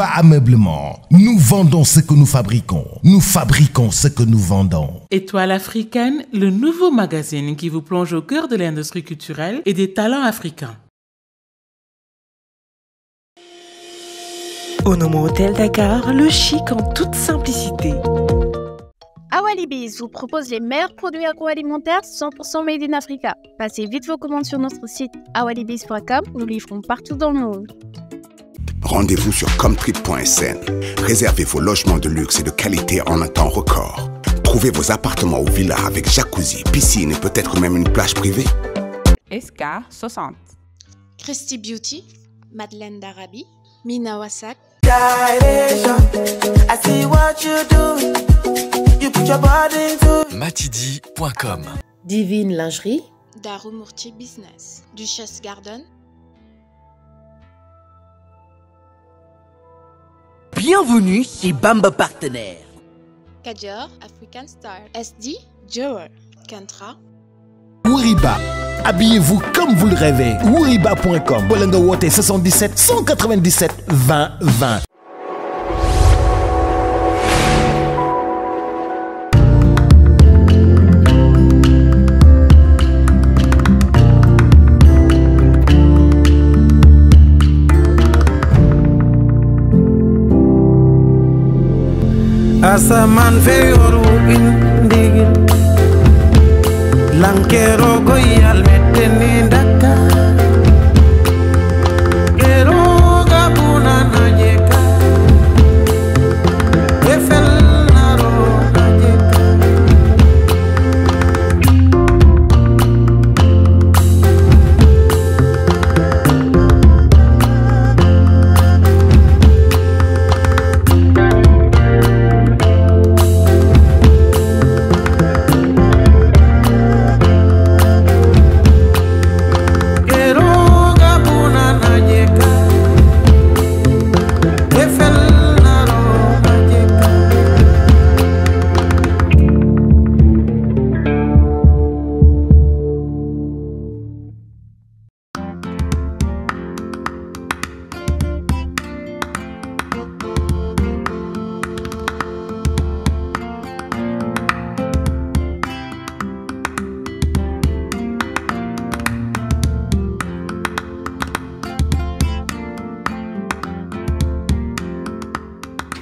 Ameublement, nous vendons ce que nous fabriquons. Nous fabriquons ce que nous vendons. Étoile africaine, le nouveau magazine qui vous plonge au cœur de l'industrie culturelle et des talents africains. Au nom Hôtel Dakar, le chic en toute simplicité. Awalibis vous propose les meilleurs produits agroalimentaires 100% made in Africa. Passez vite vos commandes sur notre site awalibiz.com. nous livrons partout dans le monde. Rendez-vous sur comtrip.sn. Réservez vos logements de luxe et de qualité en un temps record. Trouvez vos appartements ou villas avec jacuzzi, piscine et peut-être même une plage privée. SK 60. Christy Beauty, Madeleine Darabi, Mina Wasak. Matidi.com Divine Lingerie, Daru Business, Duchesse Garden, Bienvenue chez Bamba Partenaire. Kajor, African Star, SD, Joel Kantra. Wuriba. Habillez-vous comme vous le rêvez. Ouriba.com. Water 77 197 20 20. As a man wu in ndigil lankeeroo koy yàlla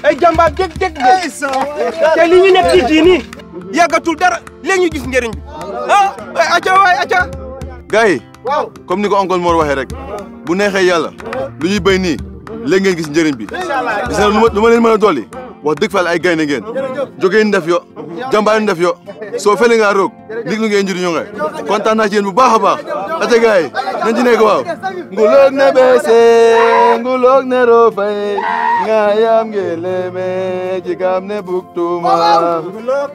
ay jàmbaar dégg dégg te li ñu nekk ci diini yàggatul dara léegi ñu gis njëriñ bi ah aca waay aca gars yi comme ni ko oncle Mor waxee rek bu neexee yàlla lu ñuy béy nii léegi ngeen gis njëriñ bi gis lu ma leen mën a dolli wax dëgg fa la ay gaynde ngeen jógee ndef yo jàmbaar ndef yo soo fele nga roog liglu ngeen njëriñoo nga kontaan naa ci yéen bu baax a baax ate gaay nañ ci nekk waaw nguloog ne beese nguloog ne roofay nga yaam ngeen leeme ne buktuma nguloog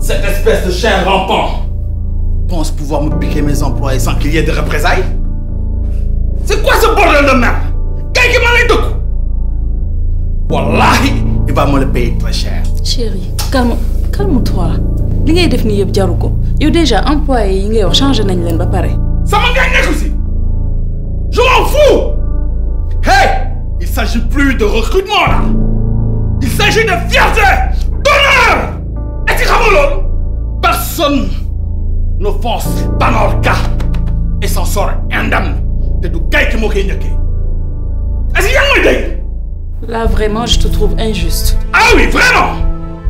Cette espèce de chien rampant pense pouvoir me piquer mes emplois sans qu'il y ait de représailles C'est quoi ce bordel de merde Quelqu'un m'a dit! Wallahi, il va me le payer très cher. Chérie, calme calme-toi li ngay def nii Il y a déjà employé yi ngay wax changé de leen ba Ça sama gagné aussi je m'en fous hey il s'agit plus de recrutement là il s'agit de fierté d'honneur Et tu que Personne ne personne n'offense cas et s'en sort indemne de du kay qui moo koy est là vraiment je te trouve injuste. ah oui vraiment.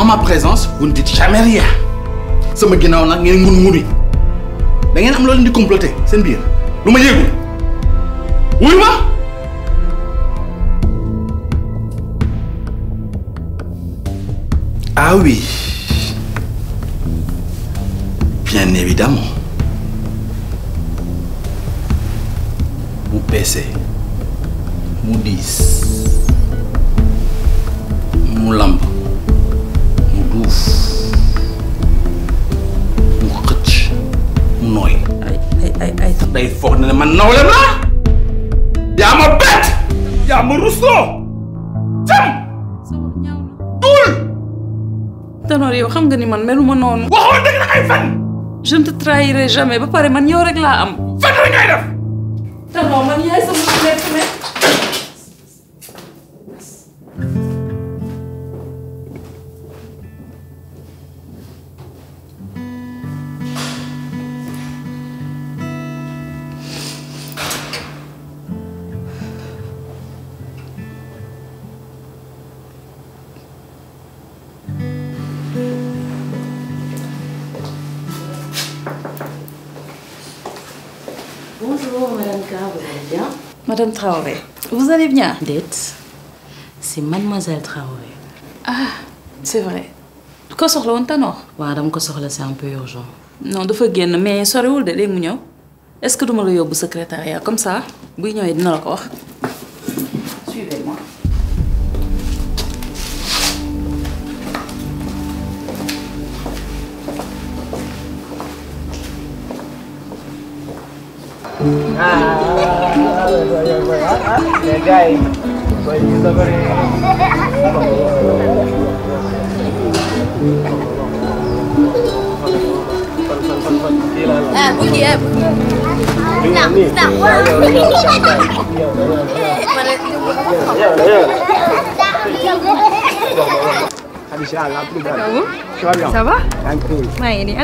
en ma présence vous ne dites jamais rien Ça me gêne en ngun nguni da ngeen am loolu de comploter c'est biir lu ma yéegul Oui, moi ah oui bien évidemment Vous pessez, Vous dites. Vous lamb yow xam nga ni man meluma noonu. waxoon dëgg nag ay fen. je ne te trahirai jamais ba pare man yow rek laa am. fen rek ngay def. te non man yaay sama nekk nekk. Madame Traoré, vous allez bien Dites, c'est Mademoiselle Traoré. Ah, c'est vrai. ko soxla woon Tanor. madame, quand Oui, soxla c'est un peu urgent. non dafa génn mais soriwul de léegi mu ñëw est-ce que duma la vous secrétariat comme ça buy ñëwee dina la ko wax. suivez-moi. Ah. À, vui gì em? Nặng, nặng quá هذه شيء على شو سافا؟ عندك مين؟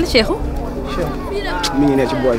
مين يا شبوي؟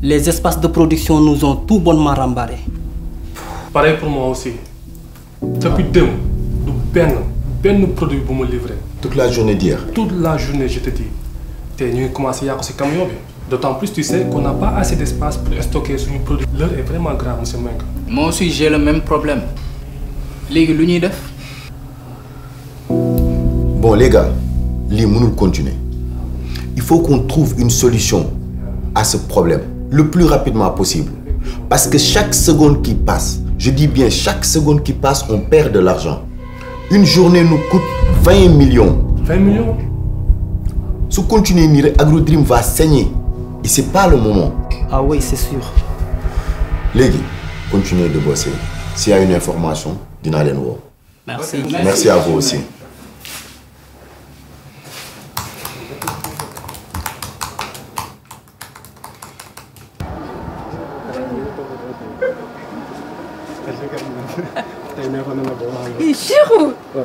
Les espaces de production nous ont tout bonnement rembarrés. Pareil pour moi aussi. Depuis deux mois, ben, ben produit pour me livrer. Toute la journée d'hier Toute la journée, je te dis. T'es venu commencer à ce camion. D'autant plus, tu sais qu'on n'a pas assez d'espace pour stocker sur nos produits. L'heure est vraiment grave, monsieur Meng..! Moi aussi, j'ai le même problème. Les gars, Bon, les gars, les nous continuer. Il faut qu'on trouve une solution à ce problème le plus rapidement possible. Parce que chaque seconde qui passe, je dis bien chaque seconde qui passe, on perd de l'argent. Une journée nous coûte 20 millions. 20 millions Si vous continuez, AgroDream va saigner. Et ce n'est pas le moment. Ah oui, c'est sûr. Les continuez de bosser. S'il y a une information, dînez-le Merci. Merci à vous aussi.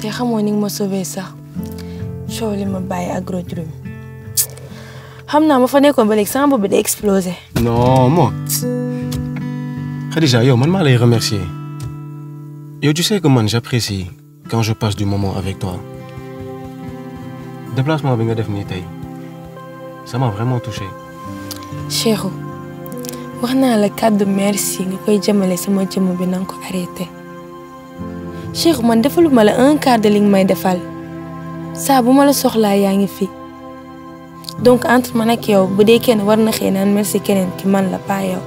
te xamoo ni nga ma ça. sax coow li ma bàyyi agrodrome xam naa ma fa nekkoon ba léegi sama bopp exploser. non moom Khadija yow man maa lay remercier Yo, tu sais que man j'apprécie quand je passe du moment avec toi déplacement bi nga def nii tey ça m'a vraiment touché. Cheikhou wax naa la kàddu merci nga koy jëmale sama jëmm bi na nga ko arrêté. cheikh man defaluma la un quart de li may defal sa buma la soxla yaangi fi donc entre man ak yow budé ken warna xé nan merci kenen ki man la pa yow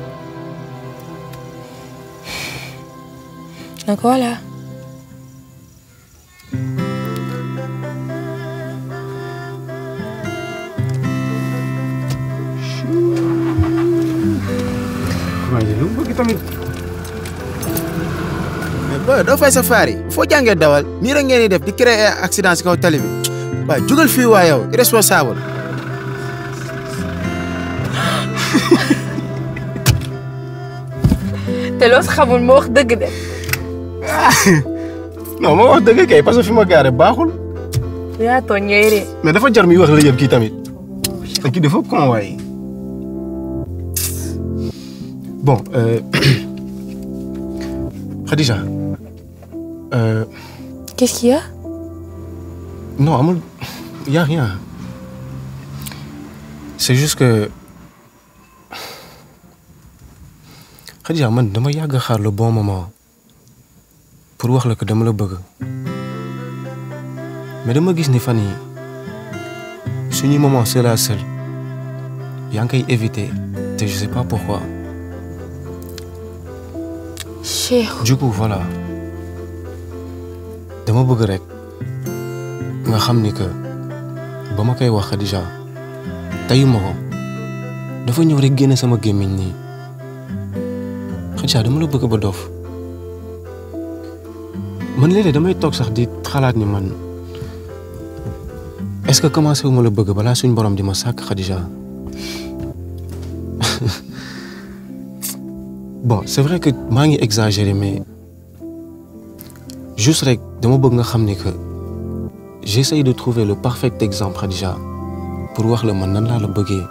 donc voilà waaye lu bëgg tamit waaye do fay safari fo yi dawal ni rek ngeen def di créer accident ci kaw tali bi ba jugal fi wa yow irresponsable té loo xamul mo wax deug de. non mo wax deug kay parce que fi ma garé baxul ya to ngay mais dafa jar muy wax la yëpp ki tamit. Oh, te ki dafa con way bon euh, Khadija. Euh, qu'est-ce qu'il y a Non, il n'y a rien. C'est juste que. Khadija, man, dama y xaar le bon moment pour wax je que dama la bëgg mais dama que ni n'est suis un moment seul à seul a un koy éviter je je sais pas pourquoi. du coup voilà. dama bëgg rek nga xam ni que ba ma koy wax Khadija tayuma ko dafa ñëw rek génne sama gémmiñ nii Khadija dama la bëgg ba dof man léeg-léeg damay toog sax di xalaat ni man est-ce que commencé wu ma la bëgg bala suñ borom di ma sàkk Khadija bon c'est vrai que maa ngi exagéré mais juste rek dama bëgg nga xam ni que j'essaye de trouver le parfait exemple Khadija pour wax la man nan laa la bëggee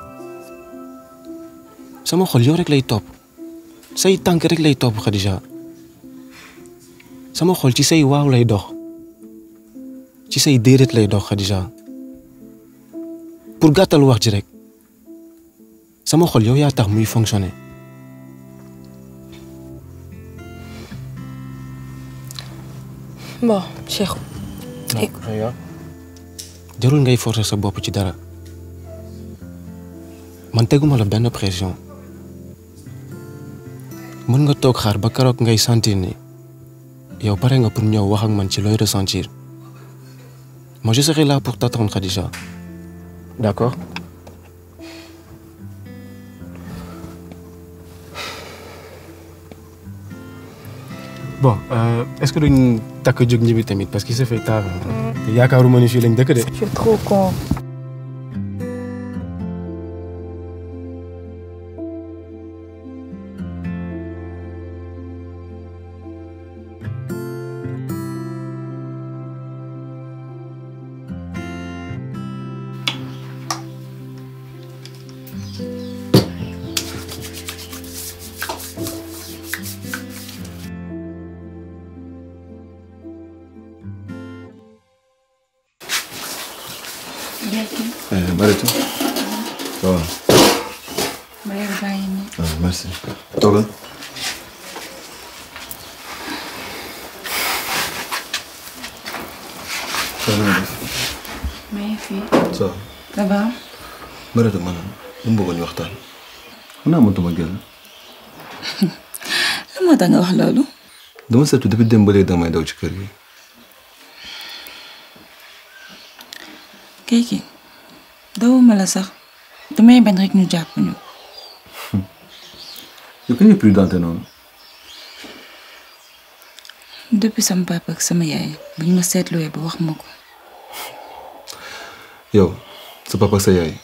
sama xol yow rek lay topp say tànk rek lay topp Khadija sama xol ci say waaw lay dox ci say déedéet lay dox Khadija pour gàttal wax ji rek sama xol yow yaa tax muy fonctionner bon Cheikh. non jarul ngay forcer sa bop ci dara man teguma la ben pression mën nga tok xaar ba karok ngay sentir ni yow pare nga pour ñew wax ak man ci loy ressentir moi je serai là pour t'attendre Khadija d'accord. bon euh, est-ce que duñ takk jóg ñibbi tamit parce qu'il se fait tard. te yaakaaruma ni fii lañ dëkk de. je suis trop con. مرادو مانا مبغون يوختان انا مانتو مجال لما دانا وحلالو دوما ساتو دبت دين بولي داما يدو جكري كيكي دو مالا سخ دوما يبن ريك نو جابنو يو كيني بريد دانتا نو دبي سام بابا كسام ياي بني ما سيت لو يبو وخمكو يو سام بابا سياي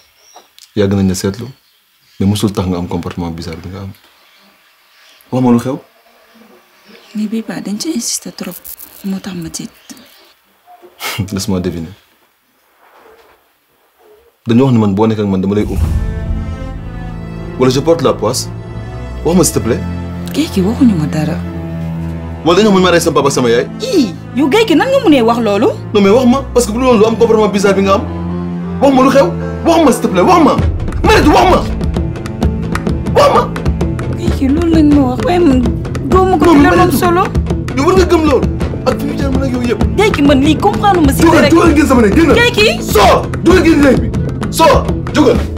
yag nañ la seetlu mais musul tax nga am comportement bizarre bi nga am wax ma lu xew. ni bi ba dañ ci insister trop moo tax ma ci laisse-moi deviner dañu wax ni man bo nek ak man dama lay um wala je porte la poisse wax ma s'il te plaît. ki waxu ñu ma dara. mo dañu mu ma rey sama papa sama yaay. yu yow ki nan nga mënee wax lolu non mais wax ma parce que bu lolu am comportement bizarre bi nga am. wax ma lu xew wax ma s'il wax ma Mariétou wax ma wax ma. kii loolu lañ ma wax waaye man. doomu ko dina solo. yow war nga gëm loolu ak fi mu jaar mën ak yow yëpp. Ndeyki man lii comprendre ma si. rek dugal dugal génn sama nekk génn. Ndeyki soo dugal génn nekk bi soo jógal.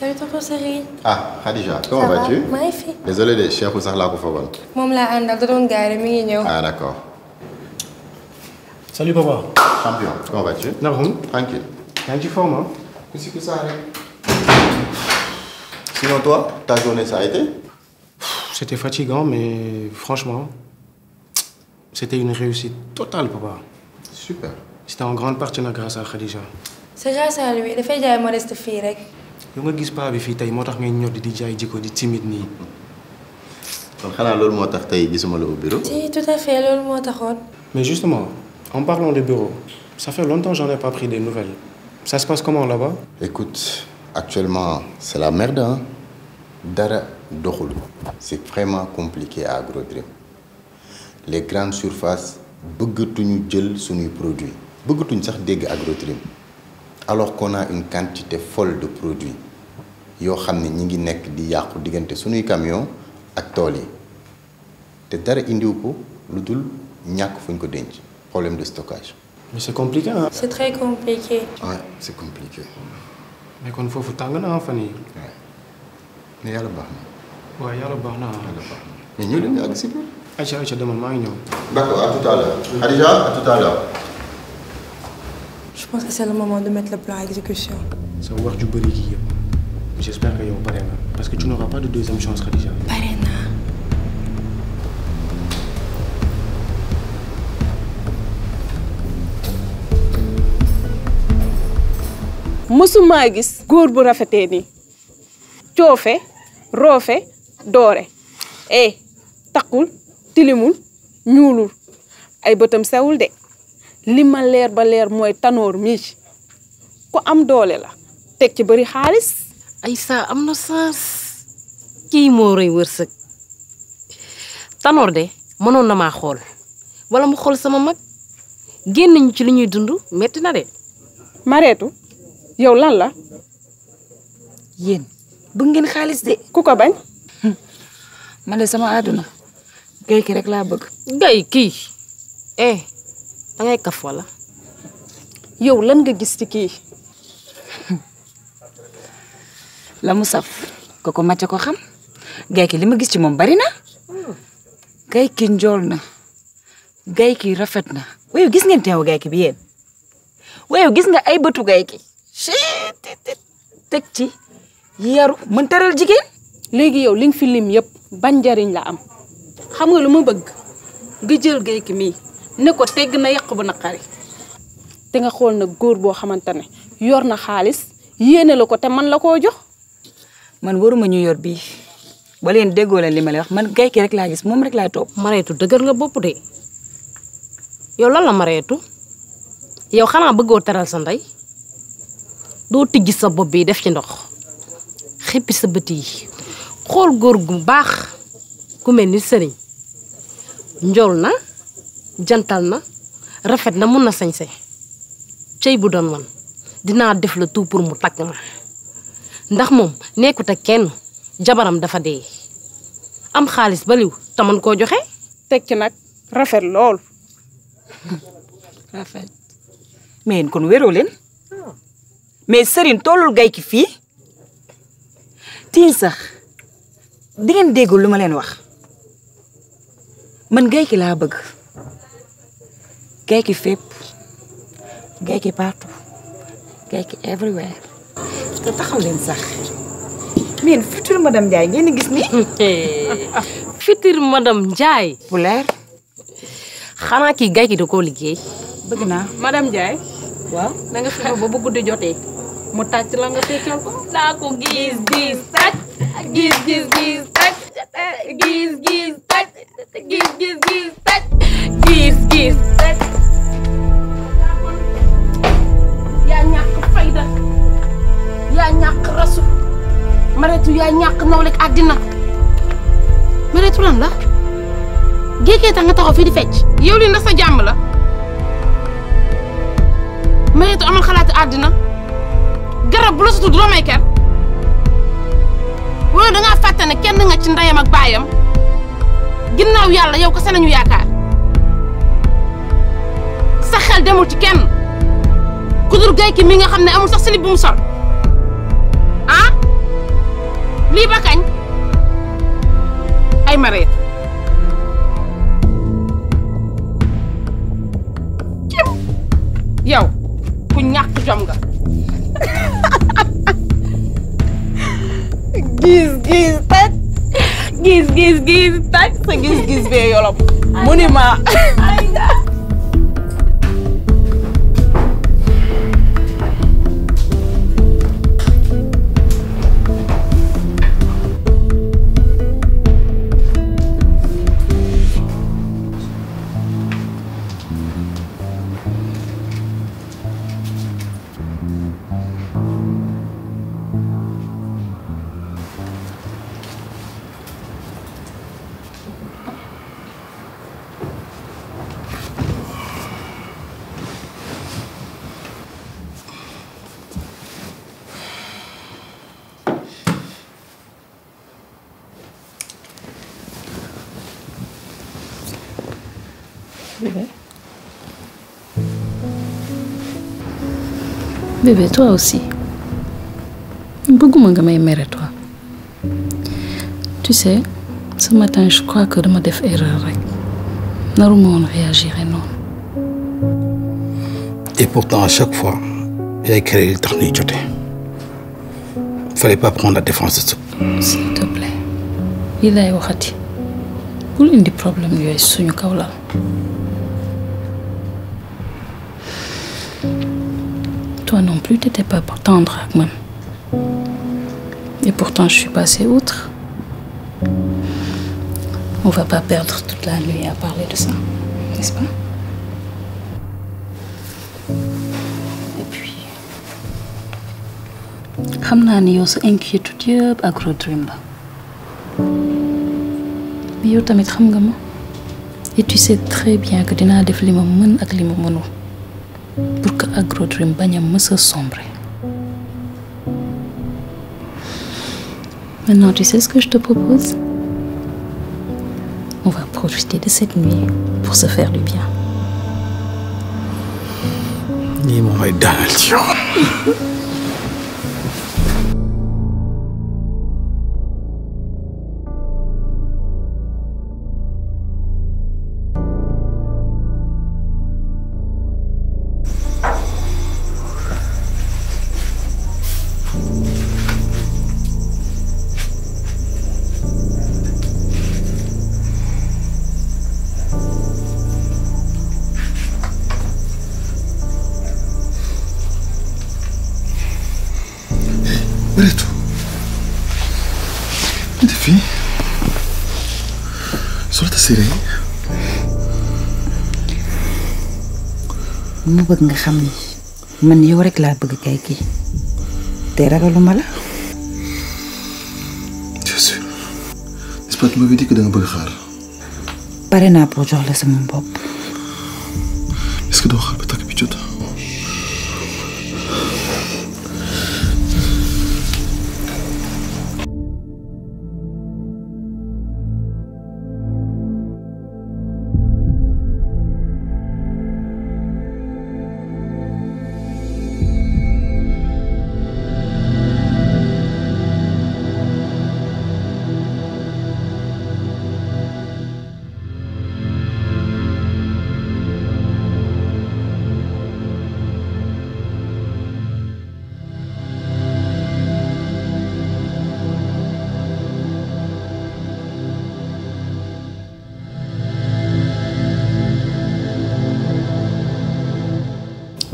Salut tonton Serigne. ah Khadija. comment vas-tu Ma fille. fi. désolé de Cheikhou pour ça là, pour moom l'a àndal da doon gaare mi ngi ñew. ah d'accord. salut papa. champion comment vas-tu. na tranquille. Tu ngi forme Qu'est-ce hein? si ça sinon toi ta journée ça a été. c'était fatigant mais franchement c'était une réussite totale papa. super. c'était en grande partie grâce à Khadija. c'est grâce à lui dafay jaay modeste fii rek. Tu nga gis paa bi fii tey moo tax ngay ñor di jaay jikko di timide nii. kon xanaa loolu moo tax tey gisuma la au bureau. Oui tout à fait loolu moo taxoon. mais justement en parlant de bureau ça fait longtemps j'en ai pas pris des nouvelles ça se passe comment là-bas. écoute actuellement c'est la merde hein dara doxul c'est vraiment compliqué à Agro trim les grandes surfaces bëggatuñu jël suñuy produits bëggatuñ sax dégg Agro trim alors qu'on a une quantité folle de produits Yo xamné ñi ngi nekk di yaq diggante suñuy camion ak tool yi te dara indiw ko lu dul ñàkk fuñ ko denc problème de stockage. mais c'est compliqué ah. c'est très compliqué. Ouais, c'est compliqué. mais kon fofu tàng na hein, fan yii. waaw mais yàlla Ouais, na. waaw yàlla baax na mais ñoo leen ak ci biir. Aïcha Aïcha demal maa ngi ñëw. d'accord à tout à l'heure. Khadija à tout à l'heure pense que c'est le moment de mettre le plan à exécution. Ça va ju du gi yëpp j'espère que yow pare na parce que tu n'auras pas de deuxième chance Khadija. pare naa. mësumaa gis góor bu rafetee nii eh takul, tilimul ñuulul ay bëtam sewul de. lima leer ba leer moy tanor mi ko am doole la tek ci bari xaalis ay sa am na ki mo reuy rëy tanor de monon na ma xol wala mu xol sama mag genn ñu ci li ñuy dundu metti na de maretu yow lan la yeen bu ngeen xaalis de ku ko bañ male sama aduna gay ki rek la bëgg gay ki eh da ngay kaf wala yow lan nga gis ci ki la mu saf koko macca ko xam gay ki lima gis ci mom bari na gay ki njool na gay ki rafet na wayo gis ngeen teew gay ki bi yeen wayo gis nga ay beutu gay ki tek ci yaru mën teral jigen léegi yow li fi lim yeb ban la am xam nga lu ma bëgg nga jël gay ki mi ne ko tegg na yàq bu naqari te nga xol na goor bo xamantane yor na xaliss yene lako te man lako jox man waruma ñu yor bi ba len deggol leen li ma lay wax man gay ki rek la gis mom rek la top mareetu deugar nga bop de yow lan la mareetu yow xana bëggo teral sa nday do tijji sa bop bi def ci ndox xepi sa beuti xol goor gu bax ku melni ni ndjol na jantal na rafet na mun na sé cey bu doon man dina def le tout pour mu tak ma ndax mom kenn jabaram dafa dé am xaalis baliw taman ko joxé joxe ci rafet lol rafet men kon wéro len mais sëriñ tolul gay ki fi tin sax di ngeen déggul luma len wax man gay ki la bëgg géej gi fépp géej gi partout géej gi everywhere. te taxaw leen sax. miin future madame Ndiaye ngeen gis nii. future madame Ndiaye. bu xanaa kii géej gi da koo liggéey. bëgg naa madame Ndiaye. waaw na nga fexe ba bu guddi jotee mu tàcc la nga fekkeel ko. naa ko gis gis tàcc gis gis gis tàcc gis gis tàcc gis gis yaa ñàkk fayda yaa ñàkk rasu maretu yaa ñàkk nawlek àddina maretu lan la géekee tax nga taxaw fii di fecc yow li ndax sa jàmm la maretu amal xalaatu Adina. garab bu la sutu du la may ker wala dangaa fàtte ne kenn nga ci ndeyam ak baayam ginnaaw yàlla yow kese nañu xel demul ci kenn ku dur gay ki mi nga xamne amul sax slip bu mu sol ah li ba kañ ay mare cim yow ku ñak jom nga gis gis tat gis gis gis tat gis gis be yolop mu ma Bébé, toi aussi. Beaucoup à toi. Tu sais, ce matin, je crois que je me fait erreur. Je ne réagirait non. Et pourtant, à chaque fois, j'ai créé le dernier Il ne fallait pas prendre la défense de tout. S'il te plaît. Il a eu Pour une des problèmes, il y a toi non plus, tu n'étais pas tendre avec moi. Et pourtant, je suis passée outre. On va pas perdre toute la nuit à parler de ça, n'est-ce pas Et puis... xam naa ni se tout Dieu mais tu et tu sais très bien que tu def li ma mën ak Agro Dream sombre maintenant tu sais ce que je te propose on va profiter de cette nuit pour se faire du bien ni mu bëgg nga xam ni man yow rek laa bëgg kay kii te ragaluma la. je sais. n'est-ce pare naa pour jox la sama bopp.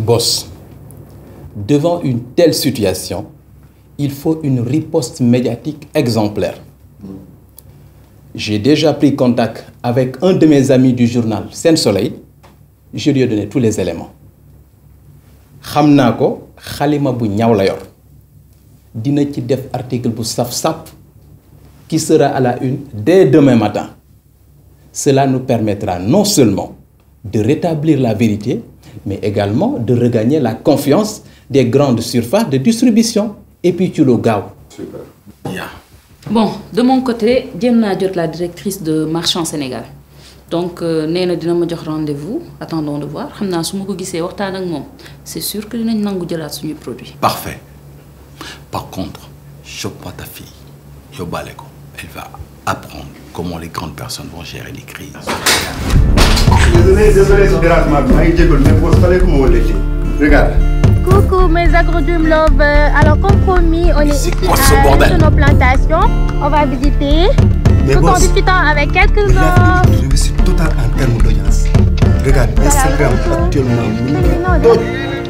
Boss, Devant une telle situation, il faut une riposte médiatique exemplaire. J'ai déjà pris contact avec un de mes amis du journal Seine-Soleil. Je lui ai donné tous les éléments. Khamnako, Khalima dina def article bu saf qui sera à la une dès demain matin cela nous permettra non seulement de rétablir la vérité mais également de regagner la confiance des grandes surfaces de distribution. Et puis tu le gars Super. Bien..! Bon, de mon côté, Diana Diot, la directrice de Marchand Sénégal. donc euh, nous na dina ma rendez-vous attendons de voir si je c'est sûr que nous nangu jëlaat suñuy produit parfait par contre chope pas ta fille yo elle va apprendre comment les grandes personnes vont gérer les crises. Désolé, désolé, c'est grave, Je suis mais vous savez comment vous l'étiez. Regarde. Coucou mes agrodum love. Alors comme promis, on est, est ici à une de nos plantations. On va visiter. Mais tout en discutant avec quelques-uns. Je suis total en termes d'audience. Regarde, Instagram actuellement.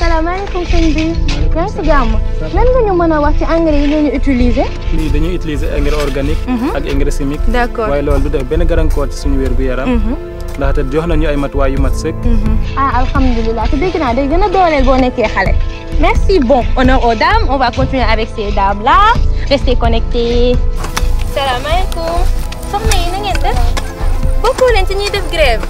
salaamaaleykum sëñ bi. yaa ngi si jàmm. lan nga ñu mën a wax ci engrais yi ñu ñu utiliser. lii dañuy utiliser engrais organique. Mhm. ak engrais chimique. d'accord waaye loolu du def benn garankoor ci suñu wér gu yaram. Mhm. ndaxte jox nañu ay matuwaay yu mat sëkk. Mhm. ah alhamdulilah te dégg naa day gën a dooleel boo nekkee xale. merci bon honneur aux dames on va continuer avec ces dames là restez connectés. salaamaaleykum soxna yi na ngeen def bokkoo leen ci ñuy def grève.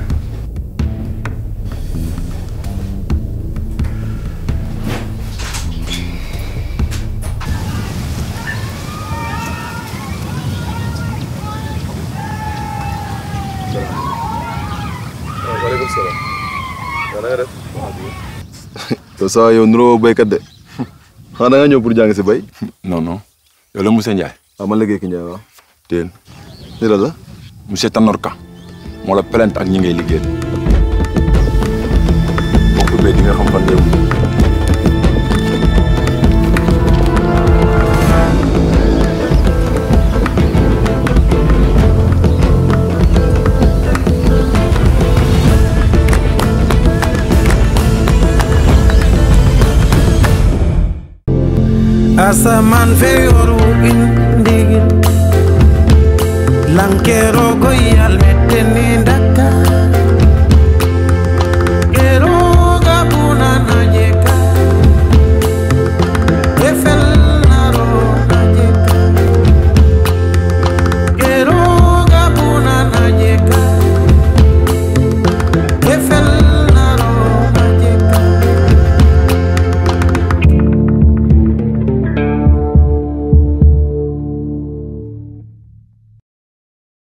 te saa yow nuroo baykat de xanaa nga ñëw pour jàng si bay non non yow la monsieur Ndiaye ah man la Géeki Ndiaye waaw téen ni la la monsieur Tanorka moo la plainte ak ñi ngay liggéeyal bokk bay di nga xam fan ngay asamaan fee yor in indi lankeeroo ko yàlla